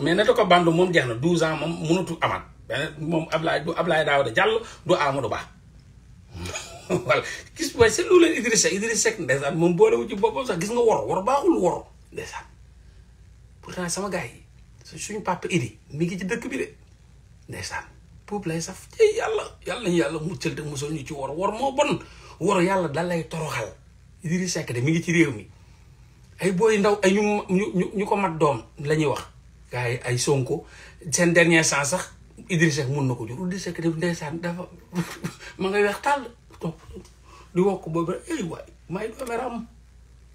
mais ne ko band moom jeex na 12 ans moom mënatu amaat beneen moom Ablaye du Ablaye Daouda Diallo du Amadou Ba voilà gis nga c'est loolu leen Idrissa Idrissa Seck ndeysaan moom boolewu ci boppam sax gis nga wor wor baaxul wor ndeysaan sama gars yi suñu papa Idi mi ngi ci dëkk bi de ndeysaan boobu lay saf ci yàlla yàlla ñu yàlla muccal te musal ñu ci wor wor moo bon wor yàlla da lay toroxal Idrissa Seck de mi ngi ci réew mi ay booy ndaw ay ñu ñu ñu ko mat doom lañuy wax. gars ay Sonko seen dernier sens sax Idrissa Seck mun na ko jur Idrissa Seck def ndeysaan dafa ma ngay weex tàll toog di wokk boobu rek eh waay may doome ram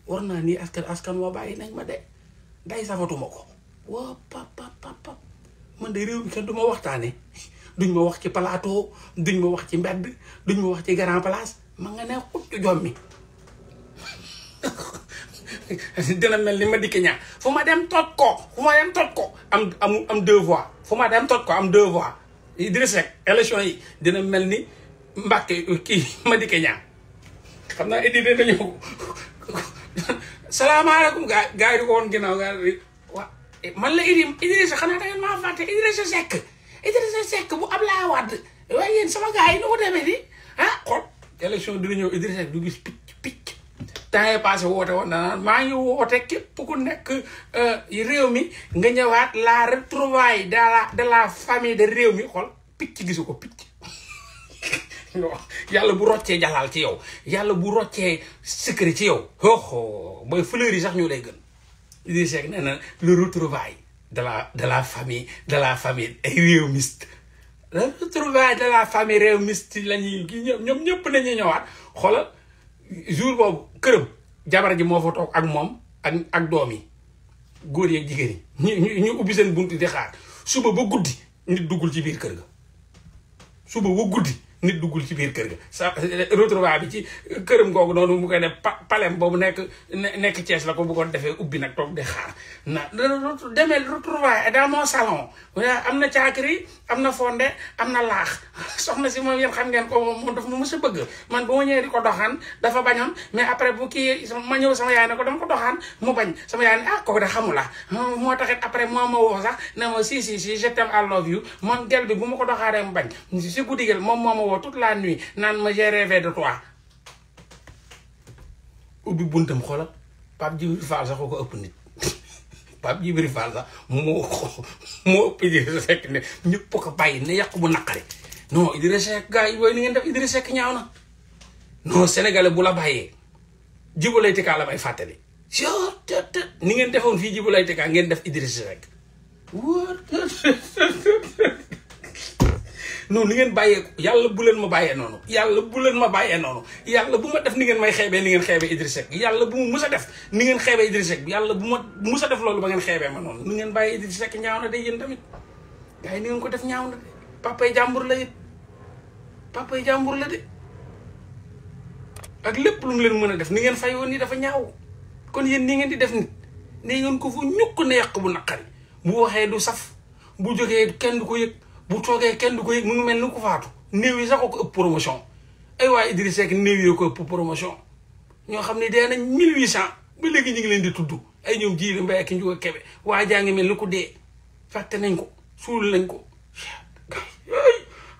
war naa nii askan askan waa bàyyi nañ ma de day safatuma ko waa pap pap man de réew mi kenn du ma waxtaane duñ ma wax ci plateau duñ ma wax ci mbedd duñ ma wax ci grand place ma nga ne xut jom mi dina mel ni ma dikki ñaa fu ma dem toj ko fu ma dem toj ko am am am deux voix fu ma daan toj ko am deux voix Idriss Seck yi dina mel ni Mbacke kii Madické Niang xam naa Idi dina ñëw gaa gaa yi di ko woon ginnaaw gaa yi waa man la Idi Idriss xanaa da ngeen maa fàtte Idriss Seck Idriss Seck bu Ablaye Wade waaye yéen sama gaa yi nu ko demee nii ah xool élection dina ñëw Idriss du gis picc picc temps yii passé woote woon na maa ngi woote képp ku nekk euh, réew mi nga ñëwaat la retrouvaille de la de la famille de réew mi xool picc gisu ko picc yàlla bu roccee jalaal ci yow yàlla bu roccee secret ci yow oh mooy fleur yi sax ñu lay gën di seeg nee na le retrouvaille la de la famille de la famille réew mist le retrouvaille de la famille réew mist lañuy ñoom ñëpp nañu ñëwaat xol jour boobu këram jabar ji moo fa toog ak moom ak ak doom yi góor yeeg jigéen ñi ñu ñu ubbi seen bunt di xaar suba ba guddi nit duggul ci biir kër ga suba ba guddi nit duggul ci biir kër ga sa eh, retrouvaille bi ci këram googu noonu mu koy ne palem boobu nekk nekk Thiès la ko bëggoon defee ubbi nag toog di xaar na demee retrouvaille dans mon salon am na caakiri am na fonde am na laax soxna si moom yéen xam ngeen ko moom daf a bëgg ko doxaan dafa bañoon mais après bu kii yaay ne ko dama ko doxaan mu bañ ah, la hmm, moo taxit après moo ma woo sax ma si si si je t'aime I love you moom gel bi bu ma ko doxaaree mu bañ si guddi gel moom moo ma woo toute la nuit naan ma j'ai rêvé de toi ubbi buntam xoolal Pape Djibril Fall sax ko ëpp nit Pape Djibril Fall sax moo moo ëpp Idrissa Seck ne ñëpp ko bàyyi ne yàq bu naqari non Idrissa Seck gars yi wooyu ni ngeen def Idrissa Seck ñaaw na non sénégalais bu la bàyyee jibu lay tikaa la may fàttali ni ngeen defoon fii jibu lay tikaa ngeen def Idrissa Seck wóor non ni ngeen bàyyee yàlla bu leen ma bàyyee noonu yàlla bu leen ma bàyyee noonu yàlla bu ma def ni ngeen may xeebee ni ngeen xeebee Idrissa Seck yàlla bu mu mus a def ni ngeen xeebee Idrissa Seck yàlla bu ma mus a def loolu ba ngeen xeebee ma noonu ni ngeen bàyyee Idrissa Seck ñaaw na de yéen tamit gars ni ngeen ko def ñaaw na de papa jàmbur la it papa jàmbur la de ak lépp lu mu leen mën a def ni ngeen fay woon ni dafa ñaaw kon yéen nii ngeen di def nit ni ngeen ko fu ñukk ne yàq bu naqari bu waxee du saf bu jógee kenn du ko yëg bu toogee kenn du ko yëg mu ngi mel ni ku faatu néew yi sax ko ëpp promotion ay waa Idrissa Seck néew yi ko ëpp promotion ñoo xam ne dee nañ mille huit cent ba léegi ñu ngi leen di tudd ay ñoom jiili mbay ak njuga kebe waa jaa ngi mel ni ku dee fàtte nañ ko suul nañ ko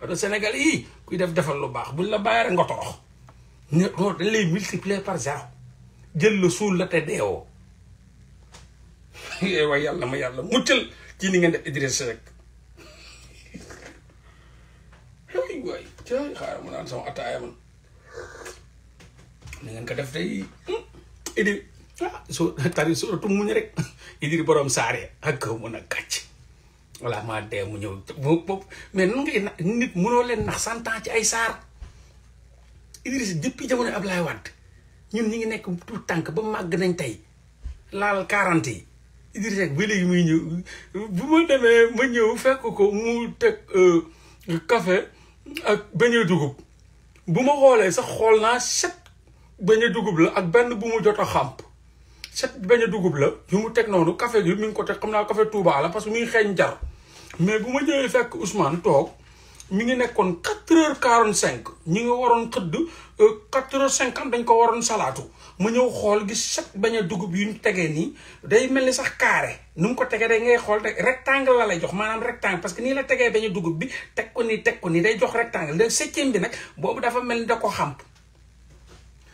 wala Sénégal yii kuy def defal lu baax buñ la baax rek nga torox non dañ lay multiplier par zéro jël la suul la te deewoo waaye yàlla ma yàlla mu tël ci ni ngeen def Idrissa Seck cëy xaaral mu naan sama attaaya man na ko def tey idi ah soo tari suratu muñ rek idiri borom saare ak kaw mën a gàcc voilà maa dee mu ñëw mais nan ngay leen nax cent ci ay saar Idriss depuis jamono Ablaye ngi nekk tout tànk ba màgg nañ tey laal quarante yi léegi muy ñëw bu ma demee ma ñëw fekk ko mu teg euh, café ak beñe dugub bu ma xoolee sax xool naa set beñe dugub la ak benn bu mu jot a xàmp set beñe dugub la yu mu teg noonu café gi mi ngi ko teg xam naa café Touba la parce que mi ngi xeeñ jar mais bu ma ñëwee fekk Ousmane toog mu ngi nekkoon quatre heures quarante cinq ñi ngi waroon xëdd euh, quatre heures cinquante dañ ko waroon salaatu mu ñëw xool gis chaque bañ a dugub yu ñu tegee nii day mel ni sax carré nu mu ko tegee day ngay xool te rectangle la lay jox maanaam rectangle parce que nii la tegee bañ dugub bi teg ko nii teg ko nii day jox rectangle da septième bi nag boobu dafa mel ni da ko xam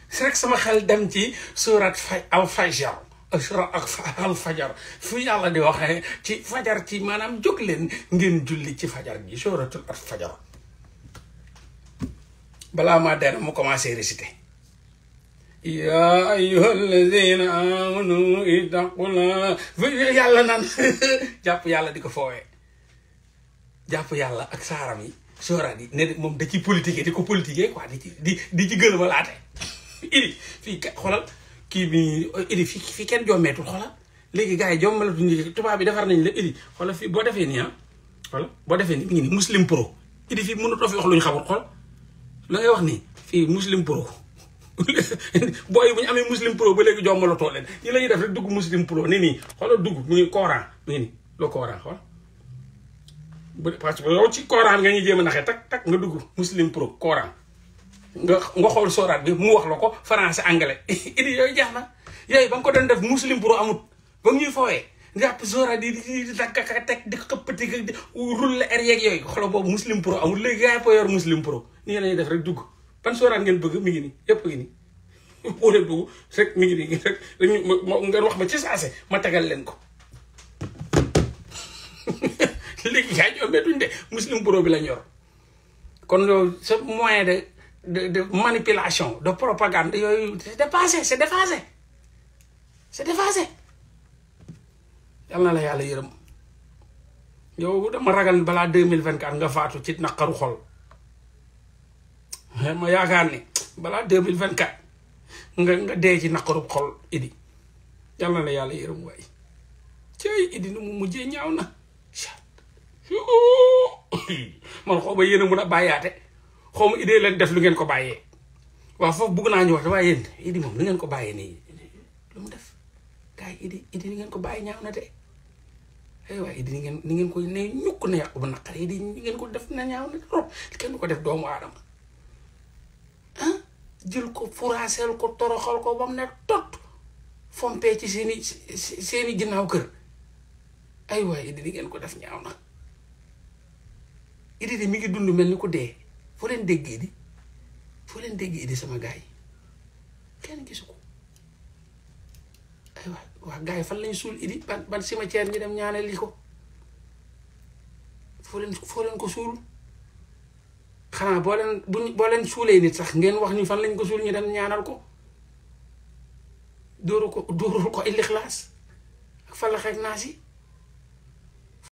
si rek sama xel dem ci surat al fajar asra ak al fajar fu yàlla di waxee ci fajar ci maanaam jóg leen ngeen julli ci fajar gi suratul al fajar balaa maa dee mu commencé réciter yaa yàlla naan jàpp yàlla di ko foowee jàpp yàlla ak saaram yi sooraat yi ne moom da ci politique di ko politique quoi di ci di ci gël walaate idi fii xoolal kii bi idi fii kenn jommeetul xola léegi gars yi jommalatuñ léegi tubaab bi defar nañ la idi xoolal fii boo defee nii ah xoolal boo defee nii mi ngi nii muslim pro idi fii mënutoo fi wax lu ñu xamul xool la ngay wax nii fii muslim pro booy bu ñu amee muslim pro ba léegi jombalatoo leen ñi la ñuy def rek dugg muslim pro ni nii xoolal dugg mu ngi Coran mu ngi nii le xool bu parce que ci Coran nga ñuy jéem a naxee tak tak nga dugg muslim pro Coran nga nga xool sóoraat bi mu wax la ko français anglais idi jeex na yooyu ba nga ko def muslim pro amut ba ñuy fooyee jàpp sóoraat yi di dakka teg di xëppati di rulle r yeeg yooyu xoolal boobu muslim pro amut léegi gaa yi po yor muslim pro nii la def rek dugg ban sóoraat ngeen bëgg mi ngi nii yëpp ngi nii boo leen bëgg rek mi nii rek ngeen wax ma ci saase ma tegal leen ko léegi yaa ñoo metuñ de muslim bureau bi la ñor kon loolu ce moyen de de de manipulation de propagande yooyu c'est dépassé c'est dépassé c'est dépassé yal na la yàlla yërëm yow dama ragal balaa deux mille vingt quatre nga faatu ci naqaru xol xel ma yaakaar ni balaa deux mille vingt quatre nga nga dee ci naqarub xol idi yàlla na yàlla yërëm waay cey idi nu mu mujjee ñaaw na man xaw ma yéen a mun a bàyyaate xaw ma idée leen def lu ngeen ko bàyyee waaw foofu bugg naa ñu wax waaye yéen idi moom lu ngeen ko bàyyee nii lu mu def gars yi idi idi ni ngeen ko bàyyee ñaaw na te ay waay idi ni ngeen ni ngeen ko ne ñukk na yàqu bu naqar idi ni ngeen ko def na ñaaw na trop kenn du ko def doomu aadama jël ko furaaseel ko toroxal ko ba mu ne tot fompee ci seeni seeni ginnaaw kër ay waay Iddi di ngeen ko def ñaaw na Iddi di mi ngi dund mel ni ku dee foo leen dégg Iddi foo leen dégg Iddi sama gars yi kenn gisu ko ay waay waa gars yi fan lañ suul Iddi ban ban cimetière ñi dem ñaanali ko foo leen foo leen ko suul xanaa boo leen buñ boo leen suulee nit sax ngeen wax ñu fan lañ ko suul ñu dem ñaanal ko dóoru ko dóorul ko illixlaas ak falax ak naas yi